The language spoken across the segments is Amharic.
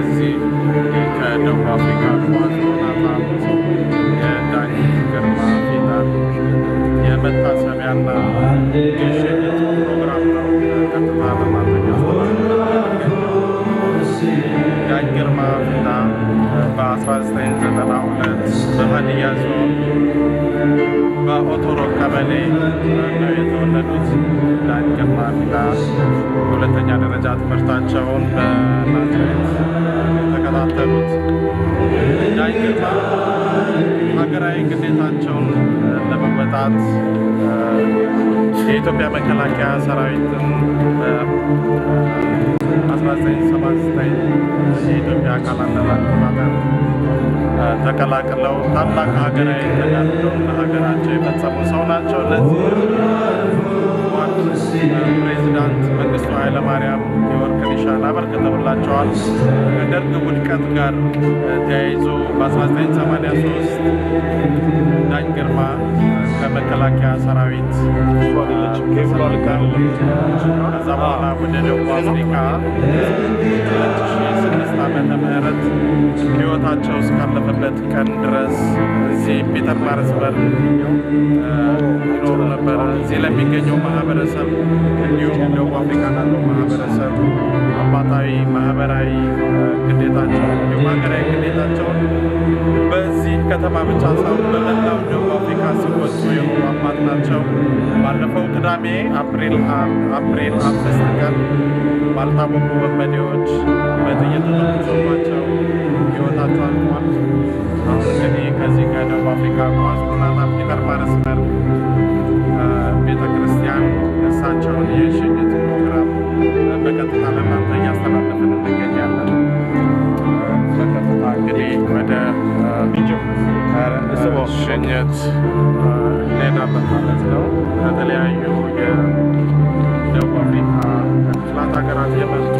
እዚህ ከደቡብ አፍሪካ ጓዞናታ የዳኝ ግርማ ፊታን የመታሰቢያና የሽኝት ፕሮግራም ነው። ቀጥታ ዳኝ ግርማ ፊታ በ1992 በሀዲያ ዞን በኦቶሮ ቀበሌ ነው የተወለዱት። ዳኝ ግርማ ፊታ ሁለተኛ ደረጃ ትምህርታቸው ሰዓት የኢትዮጵያ መከላከያ ሰራዊትን በ1979 የኢትዮጵያ አካላት ለማቆጣጠር ተቀላቅለው ታላቅ ሀገራዊ ተጋድሎን ለሀገራቸው የፈጸሙ ሰው ናቸው። ለዚህ ፕሬዚዳንት መንግስቱ ኃይለማርያም የወርቅ ኒሻን አበርክተውላቸዋል። ከደርግ ውድቀት ጋር ተያይዞ በ1983 ዳኝ ግርማ ከመከላከያ ሰራዊት ከዛ በኋላ ወደ ደቡብ አፍሪካ ዘመነ ምሕረት ሕይወታቸው እስካለፈበት ቀን ድረስ እዚህ ፒተር ማርዝበርግ ይኖሩ ነበር። እዚህ ለሚገኘው ማህበረሰብ እንዲሁም ደቡብ አፍሪካ ላለው ማህበረሰብ አባታዊ፣ ማህበራዊ ግዴታቸው እንዲሁም ሀገራዊ ግዴታቸውን በዚህ ከተማ ብቻ ሳይሆን በመላው ደቡብ አፍሪካ ሲወጡ የሆኑ አባት ናቸው። ባለፈው ቅዳሜ አፕሪል አፕሪል አምስት ቀን ባልታወቁ ወንበዴዎች በጥይት ተፈጽሞባቸው ሕይወታቸው አልፏል። አሁን እንግዲህ ከዚህ ከደቡብ አፍሪካ ጓዝ ሆናት አፍሪካር ማረስበር ቤተ ክርስቲያን እሳቸውን የሽኝት ፕሮግራም በቀጥታ ለእናንተ እያስተላለፍን እንገኛለን። በቀጥታ እንግዲህ ወደ ሽኝት እንሄዳለን ማለት ነው። ከተለያዩ የደቡብ አፍሪካ ክፍላት ሀገራት የመጡ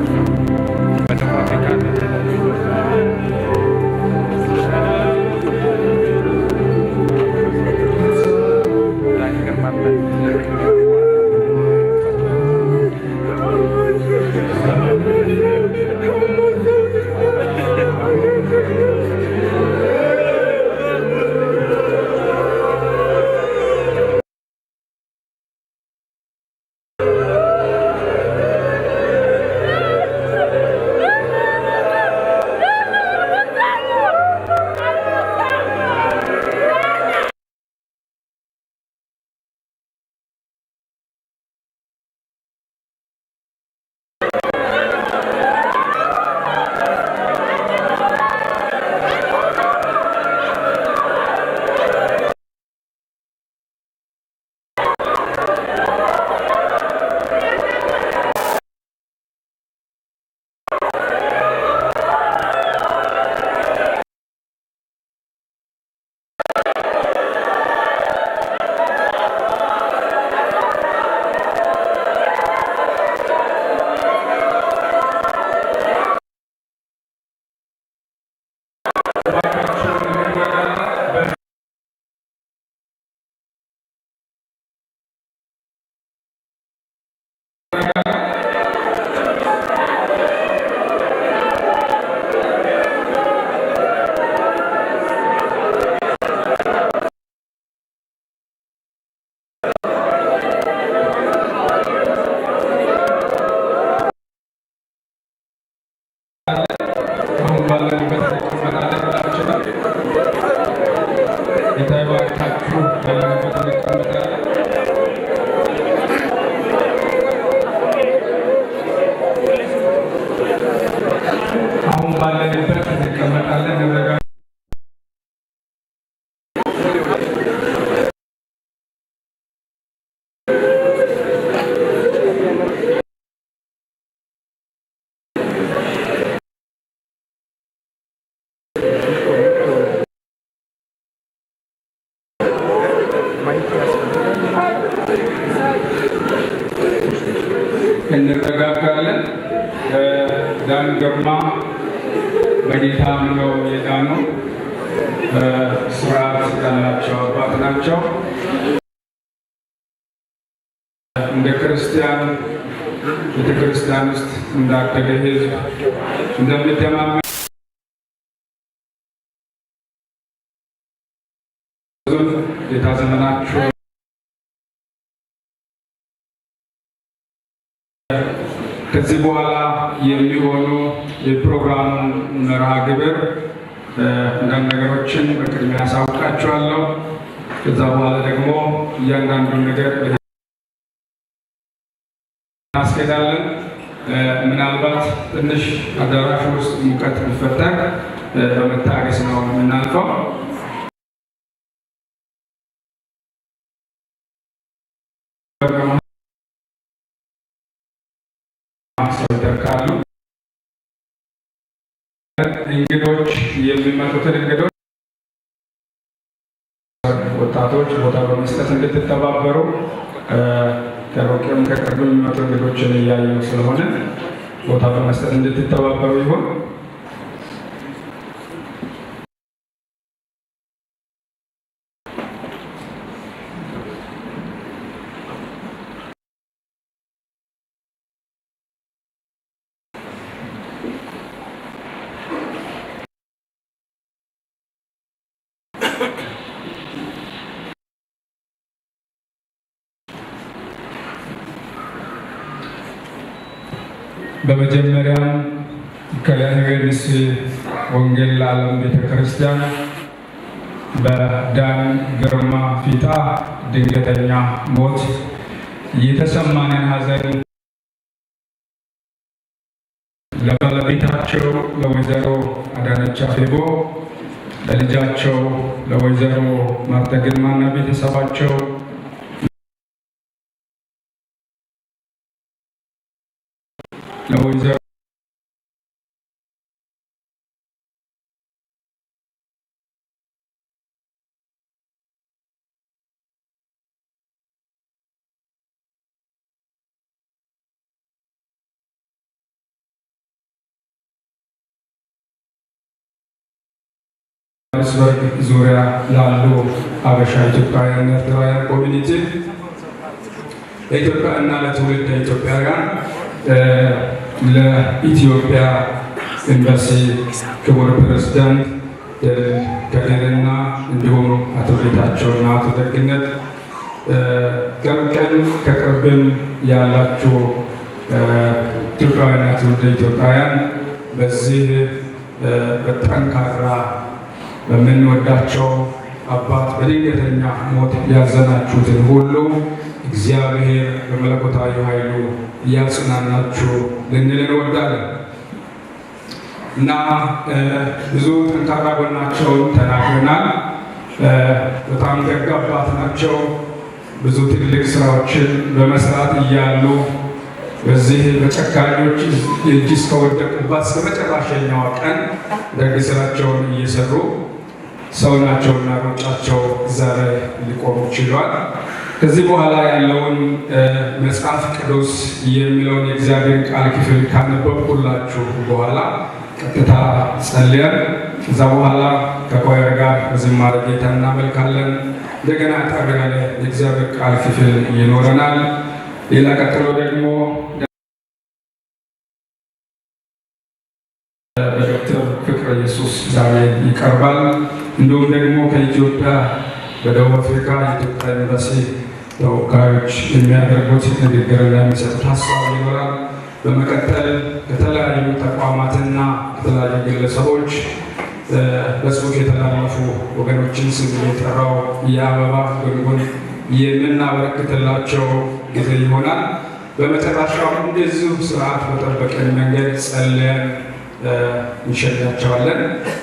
I don't want to get kind of የታደለ ህዝብ እንደምደማመ የታዘመናችሁ ከዚህ በኋላ የሚሆኑ የፕሮግራም መርሃ ግብር አንዳንድ ነገሮችን በቅድሚያ ያሳውቃችኋለሁ። ከዛ በኋላ ደግሞ እያንዳንዱን ነገር እናስኬዳለን። ምናልባት ትንሽ አዳራሽ ውስጥ ሙቀት ቢፈጠር በመታገስ ነው የምናልፈው። እንግዶች የሚመጡትን እንግዶች ወጣቶች ቦታ በመስጠት እንድትተባበሩ ከሩቅም ከቅርብም መቶ እንግዶችን እያየሁ ስለሆነ ቦታ በመስጠት እንድትተባበሩ ይሆን በመጀመሪያም ከዮሐንስ ወንጌል ለዓለም ቤተ ክርስቲያን በዳን ግርማ ፊጣ ድንገተኛ ሞት የተሰማንን ሐዘን ለባለቤታቸው ለወይዘሮ አዳነች አቤቤ ለልጃቸው ለወይዘሮ ማርተ ግርማና ቤተሰባቸው boyunca ጆሃንስበርግ ዙሪያ ላሉ ሀበሻ ኢትዮጵያውያን፣ ኤርትራውያን ኮሚኒቲ ለኢትዮጵያ እና ለትውልድ ኢትዮጵያውያን ለኢትዮጵያ ኤምባሲ ክቡር ፕሬዝዳንት ከደርና እንዲሁም አቶ ጌታቸውና አቶ ደግነት ቅርብቅን ከቅርብን ያላችሁ ኢትዮጵያውያንና ትውልደ ኢትዮጵያውያን በዚህ በጠንካራ በምንወዳቸው አባት በድንገተኛ ሞት ያዘናችሁትን ሁሉ እግዚአብሔር በመለኮታዊ ኃይሉ እያጽናናችሁ ልንል እንወዳለን እና ብዙ ጠንካራ ጎናቸውን ተናግረናል። በጣም ደግ አባት ናቸው። ብዙ ትልቅ ስራዎችን በመስራት እያሉ በዚህ በጨካኞች እጅ እስከወደቁባት እስከመጨረሻኛዋ ቀን ደግ ስራቸውን እየሰሩ ሰው ናቸውና ሩጫቸው ዛሬ ሊቆሙ ችሏል። ከዚህ በኋላ ያለውን መጽሐፍ ቅዱስ የሚለውን የእግዚአብሔር ቃል ክፍል ካነበብኩላችሁ በኋላ ቀጥታ ጸልያን ከዛ በኋላ ከኳየር ጋር በዝማሬ ጌታ እናመልካለን። እንደገና ጠር ያለ የእግዚአብሔር ቃል ክፍል ይኖረናል። ሌላ ቀጥሎ ደግሞ በዶክተር ፍቅረ ኢየሱስ ዛሬ ይቀርባል። እንዲሁም ደግሞ ከኢትዮጵያ በደቡብ አፍሪካ የኢትዮጵያ ኤምባሲ ተወካዮች የሚያደርጉት ንግግርና የሚሰጡት ሀሳብ ይኖራል። በመቀጠል ከተለያዩ ተቋማትና ከተለያዩ ግለሰቦች በጽሁፍ የተላለፉ ወገኖችን ስም የጠራው የአበባ ጉንጉን የምናበረክትላቸው ጊዜ ይሆናል። በመጨረሻው እንደዚሁ ስርዓት በጠበቀን መንገድ ጸለያን እንሸኛቸዋለን።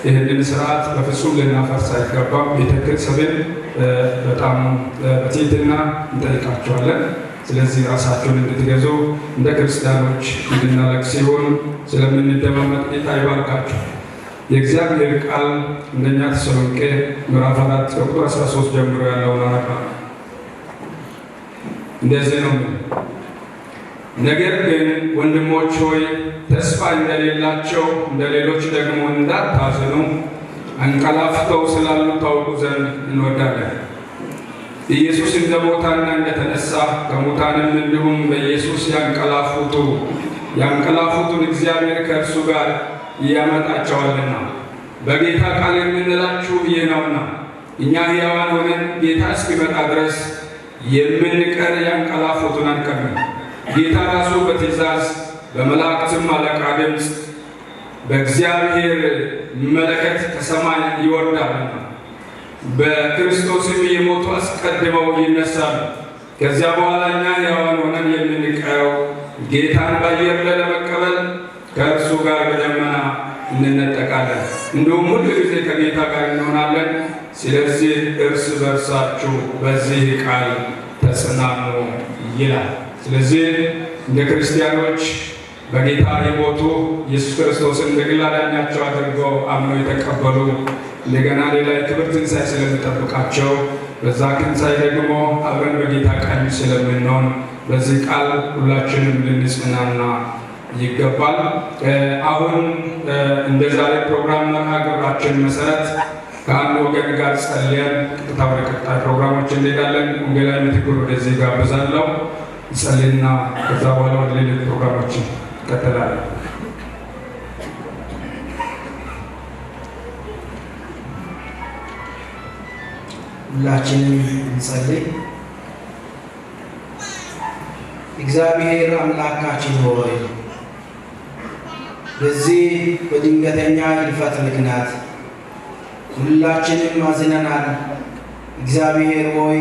ይህንን ስርዓት በፍጹም ልናፈርስ አይገባም። ቤተክርስብን በጣም በትህትና እንጠይቃቸዋለን። ስለዚህ ራሳቸውን እንድትገዙ እንደ ክርስቲያኖች እንድናለቅ ሲሆን ስለምንደማመጥ ጌታ ይባርካችሁ። የእግዚአብሔር ቃል እንደኛ ተሰሎንቄ ምዕራፍ አራት ቁጥር 13 ጀምሮ ያለውን አነባ እንደዚህ ነው። ነገር ግን ወንድሞች ሆይ ተስፋ እንደሌላቸው እንደ ሌሎች ደግሞ እንዳታዝኑ አንቀላፍተው ስላሉ ታውቁ ዘንድ እንወዳለን። ኢየሱስ እንደሞታና እንደተነሳ ከሙታንም እንዲሁም በኢየሱስ ያንቀላፉቱ ያንቀላፉቱን እግዚአብሔር ከእርሱ ጋር እያመጣቸዋልና በጌታ ቃል የምንላችሁ ይህ ነውና እኛ ሕያዋን ሆነን ጌታ እስኪመጣ ድረስ የምንቀር ያንቀላፉቱን አንቀርም። ጌታ ራሱ በትእዛዝ በመላእክትም አለቃ ድምፅ በእግዚአብሔር መለከት ከሰማይ ይወርዳል። በክርስቶስም የሞቱ አስቀድመው ይነሳሉ። ከዚያ በኋላ እኛ ሕያዋን ሆነን የምንቀየው ጌታን በአየር ላይ ለመቀበል ከእርሱ ጋር በደመና እንነጠቃለን፣ እንዲሁም ሁሉ ጊዜ ከጌታ ጋር እንሆናለን። ስለዚህ እርስ በርሳችሁ በዚህ ቃል ተጽናኑ ይላል። ስለዚህ እንደ ክርስቲያኖች በጌታ የሞቱ ኢየሱስ ክርስቶስን ለግል አዳኛቸው አድርገው አምነው የተቀበሉ እንደገና ሌላ የክብር ትንሣኤ ስለምጠብቃቸው በዛ ትንሣኤ ደግሞ አብረን በጌታ ቀኝ ስለምንሆን በዚህ ቃል ሁላችንም ልንጽናና ይገባል። አሁን እንደ ዛሬ ፕሮግራም መርሃ ግብራችን መሰረት ከአንድ ወገን ጋር ጸልየን ቀጥታ ወደ ቀጣይ ፕሮግራሞች እንሄዳለን። ወንጌላዊ ምትኩር ወደዚህ ጋብዛለሁ። ይጸልይና ከዛ በኋላ ወደ ሌሎች ፕሮግራሞች ይቀጥላል። ሁላችንም እንጸልይ። እግዚአብሔር አምላካችን ሆይ በዚህ በድንገተኛ ግድፈት ምክንያት ሁላችንም አዝነናል። እግዚአብሔር ሆይ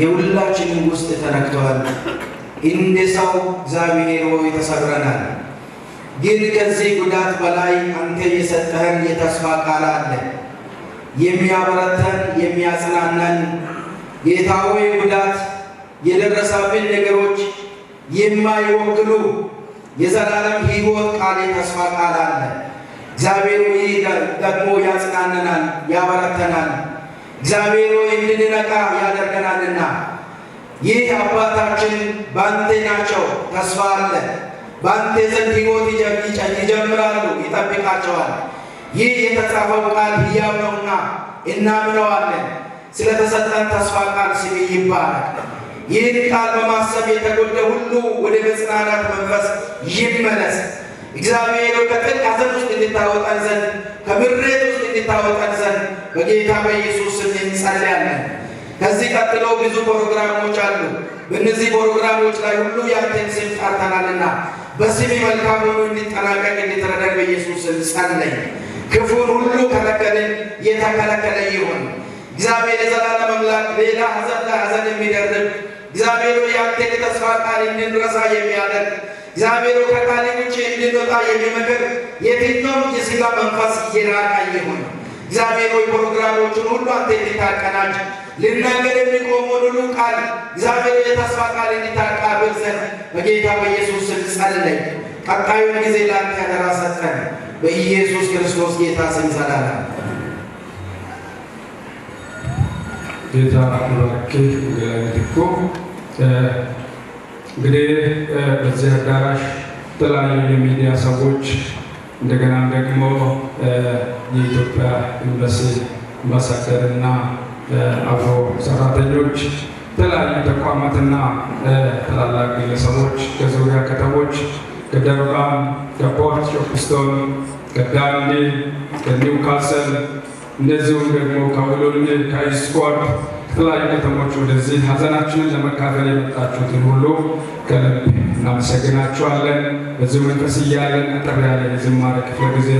የሁላችንም ውስጥ ተነክተዋል። እንደ ሰው እግዚአብሔር ሆይ ተሰብረናል። ግን ከዚህ ጉዳት በላይ አንተ የሰጠህን የተስፋ ቃል አለ፣ የሚያበረተን የሚያጽናናን። ጌታዊ ጉዳት የደረሰብን ነገሮች የማይወክሉ የዘላለም ሕይወት ቃል የተስፋ ቃል አለ። እግዚአብሔር ደግሞ ያጽናነናል፣ ያበረተናል። እግዚአብሔር ሆይ እንድንነቃ ያደርገናልና ይህ አባታችን ባንቴ ናቸው፣ ተስፋ አለ። ባንቴ ዘንድ ሕይወት ይጀምራሉ፣ ይጠብቃቸዋል። ይህ የተጻፈው ቃል ሕያው ነውና እናምነዋለን። ስለተሰጠን ተስፋ ቃል ስም ይባላል። ይህን ቃል በማሰብ የተጎዳ ሁሉ ወደ መጽናናት መንፈስ ይመለስ። እግዚአብሔር ከጥልቅ ሐዘን ውስጥ እንድታወጣን ዘንድ ከምሬት ውስጥ እንድታወጣን ዘንድ በጌታ በኢየሱስ እንጸልያለን። ከዚህ ቀጥሎ ብዙ ፕሮግራሞች አሉ። በእነዚህ ፕሮግራሞች ላይ ሁሉ ያንተን ስም ጠርተናልና በስሜ መልካም ሆኖ እንዲጠናቀቅ እንዲተረዳን በኢየሱስ ጸለይ። ክፉን ሁሉ ከለከልን፣ የተከለከለ ይሆን እግዚአብሔር የዘላለም አምላክ ሌላ ሐዘን ላይ የሚደርብ እግዚአብሔር ያንተን የተስፋ ቃል እንድንረሳ የሚያደርግ እግዚአብሔር ከቃል ውጭ እንድንወጣ የሚመክር የትኛውም የስጋ መንፈስ የራቀ ይሆን እግዚአብሔር ሆይ ፕሮግራሞቹን ሁሉ አንተ እንዲታቀናጅ ልናገር የሚቆመውን ሁሉ ቃል እግዚአብሔር የተስፋ ቃል እንዲታቃብል ዘንድ በጌታ በኢየሱስ ስም ቀጣዩን ጊዜ ለአንተ አደራ ሰጠን። በኢየሱስ ክርስቶስ ጌታ ስም ጸላለ ጌታ አምላክ ሌላይነትኮ እንግዲህ በዚህ አዳራሽ የተለያዩ የሚዲያ ሰዎች እንደገናም ደግሞ የኢትዮጵያ ኤምባሲ መሰከርና አፍሮ ሰራተኞች የተለያዩ ተቋማትና ታላላቅ ግለሰቦች ከዙሪያ ከተሞች ከደርባን፣ ከፖርት ሾፕስቶን፣ ከዳንዴ፣ ከኒውካስል እንደዚሁም ደግሞ ከወሎኔ ከኢስኳድ ከተለያዩ ከተሞች ወደዚህ ሀዘናችንን ለመካፈል የመጣችሁትን ሁሉ ከልብ እናመሰግናችኋለን። በዚህ መንፈስ እያለን አጠር ያለ የዝማሬ ክፍለ ጊዜ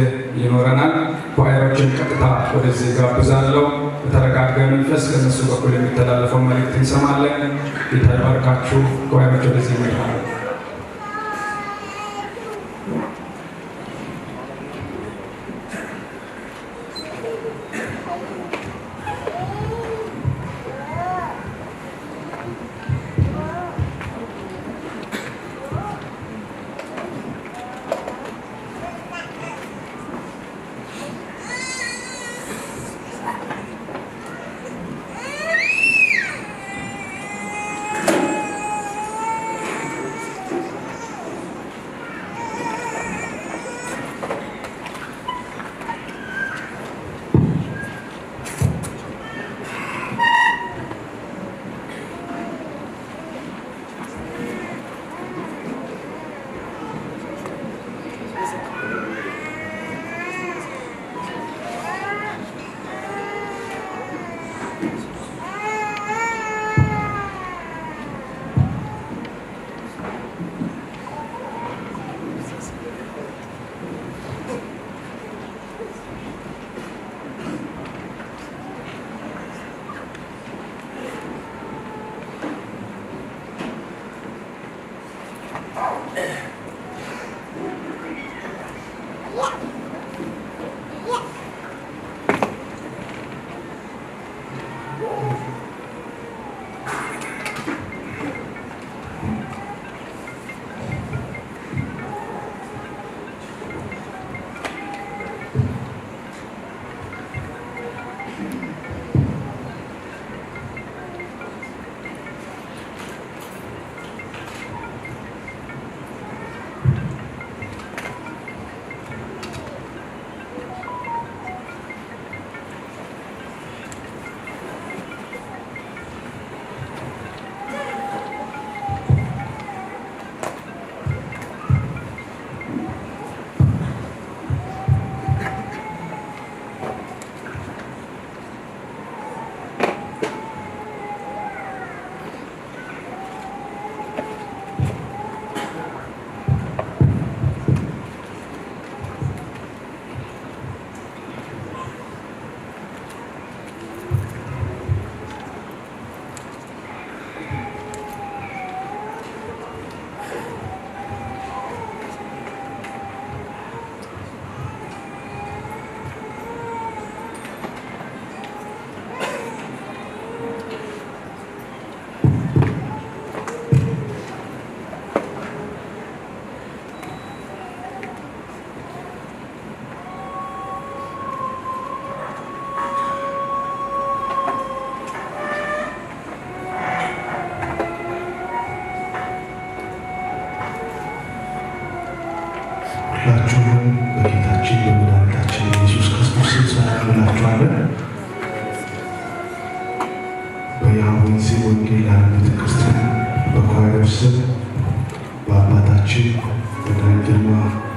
ይኖረናል። ኳየሮችን ቀጥታ ወደዚህ ጋብዛለሁ። በተረጋጋ መንፈስ ከነሱ በኩል የሚተላለፈው መልእክት እንሰማለን። ጌታ ኳየሮች ወደዚህ ይመጣሉ። ስም በአባታችን በደንግማ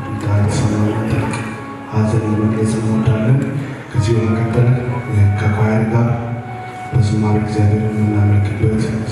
እንዳልተሰማን ጥልቅ ሐዘን ለመግለጽ እንወዳለን። ከዚህ በመቀጠል ከኳየር ጋር በዝማሬ እግዚአብሔር የምናመልክበት